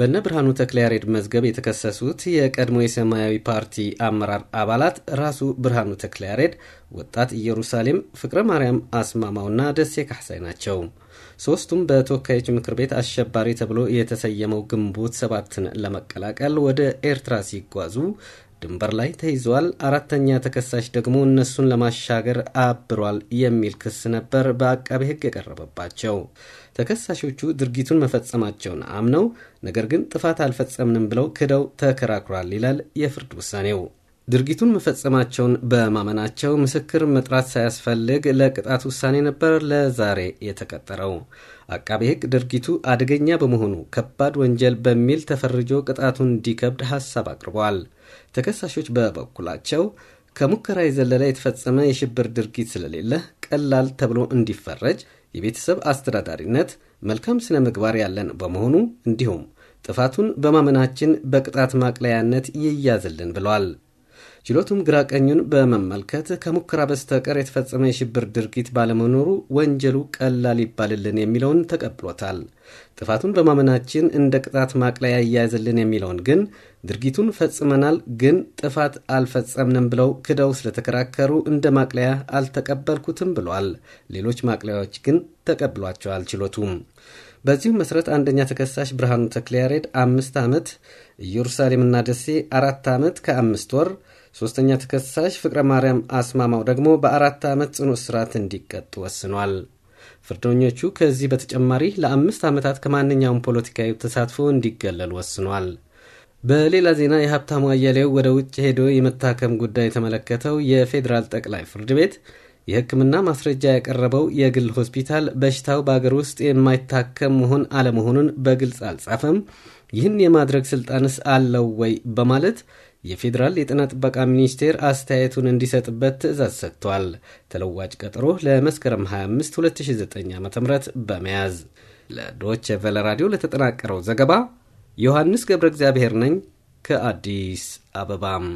በነ ብርሃኑ ተክለያሬድ መዝገብ የተከሰሱት የቀድሞ የሰማያዊ ፓርቲ አመራር አባላት ራሱ ብርሃኑ ተክለያሬድ፣ ወጣት ኢየሩሳሌም ፍቅረ ማርያም አስማማውና ደሴ ካሕሳይ ናቸው። ሶስቱም በተወካዮች ምክር ቤት አሸባሪ ተብሎ የተሰየመው ግንቦት ሰባትን ለመቀላቀል ወደ ኤርትራ ሲጓዙ ድንበር ላይ ተይዘዋል፣ አራተኛ ተከሳሽ ደግሞ እነሱን ለማሻገር አብሯል የሚል ክስ ነበር በአቃቤ ሕግ የቀረበባቸው። ተከሳሾቹ ድርጊቱን መፈጸማቸውን አምነው ነገር ግን ጥፋት አልፈጸምንም ብለው ክደው ተከራክሯል ይላል የፍርድ ውሳኔው። ድርጊቱን መፈጸማቸውን በማመናቸው ምስክር መጥራት ሳያስፈልግ ለቅጣት ውሳኔ ነበር ለዛሬ የተቀጠረው። አቃቤ ሕግ ድርጊቱ አደገኛ በመሆኑ ከባድ ወንጀል በሚል ተፈርጆ ቅጣቱን እንዲከብድ ሐሳብ አቅርቧል። ተከሳሾች በበኩላቸው ከሙከራ የዘለለ የተፈጸመ የሽብር ድርጊት ስለሌለ ቀላል ተብሎ እንዲፈረጅ የቤተሰብ አስተዳዳሪነት መልካም ስነ ምግባር ያለን በመሆኑ እንዲሁም ጥፋቱን በማመናችን በቅጣት ማቅለያነት ይያዝልን ብሏል። ችሎቱም ግራቀኙን በመመልከት ከሙከራ በስተቀር የተፈጸመ የሽብር ድርጊት ባለመኖሩ ወንጀሉ ቀላል ይባልልን የሚለውን ተቀብሎታል። ጥፋቱን በማመናችን እንደ ቅጣት ማቅለያ እያያዝልን የሚለውን ግን ድርጊቱን ፈጽመናል ግን ጥፋት አልፈጸምንም ብለው ክደው ስለተከራከሩ እንደ ማቅለያ አልተቀበልኩትም ብሏል። ሌሎች ማቅለያዎች ግን ተቀብሏቸዋል ችሎቱም። በዚሁም መሰረት አንደኛ ተከሳሽ ብርሃኑ ተክለያሬድ አምስት ዓመት፣ ኢየሩሳሌምና ደሴ አራት ዓመት ከአምስት ወር ሶስተኛ ተከሳሽ ፍቅረ ማርያም አስማማው ደግሞ በአራት ዓመት ጽኑ እስራት እንዲቀጡ ወስኗል። ፍርደኞቹ ከዚህ በተጨማሪ ለአምስት ዓመታት ከማንኛውም ፖለቲካዊ ተሳትፎ እንዲገለል ወስኗል። በሌላ ዜና የሀብታሙ አያሌው ወደ ውጭ ሄዶ የመታከም ጉዳይ የተመለከተው የፌዴራል ጠቅላይ ፍርድ ቤት የሕክምና ማስረጃ ያቀረበው የግል ሆስፒታል በሽታው በአገር ውስጥ የማይታከም መሆን አለመሆኑን በግልጽ አልጻፈም፣ ይህን የማድረግ ስልጣንስ አለው ወይ በማለት የፌዴራል የጤና ጥበቃ ሚኒስቴር አስተያየቱን እንዲሰጥበት ትዕዛዝ ሰጥቷል። ተለዋጭ ቀጠሮ ለመስከረም 25 2009 ዓ ም በመያዝ ለዶቼ ቬለ ራዲዮ ለተጠናቀረው ዘገባ ዮሐንስ ገብረ እግዚአብሔር ነኝ ከአዲስ አበባም